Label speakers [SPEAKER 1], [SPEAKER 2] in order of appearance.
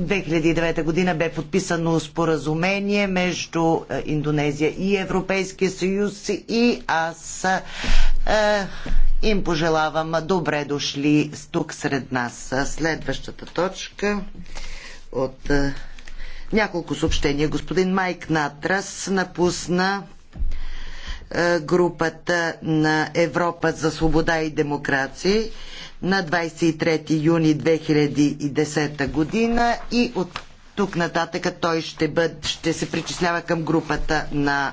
[SPEAKER 1] 2009 година бе подписано споразумение между е, Индонезия и Европейския съюз и аз е, им пожелавам добре дошли тук сред нас. Следващата точка от е, няколко съобщения. Господин Майк Натрас напусна е, групата на Европа за свобода и демокрация на 23 юни 2010 година и от тук нататък той ще, бъд, ще се причислява към групата на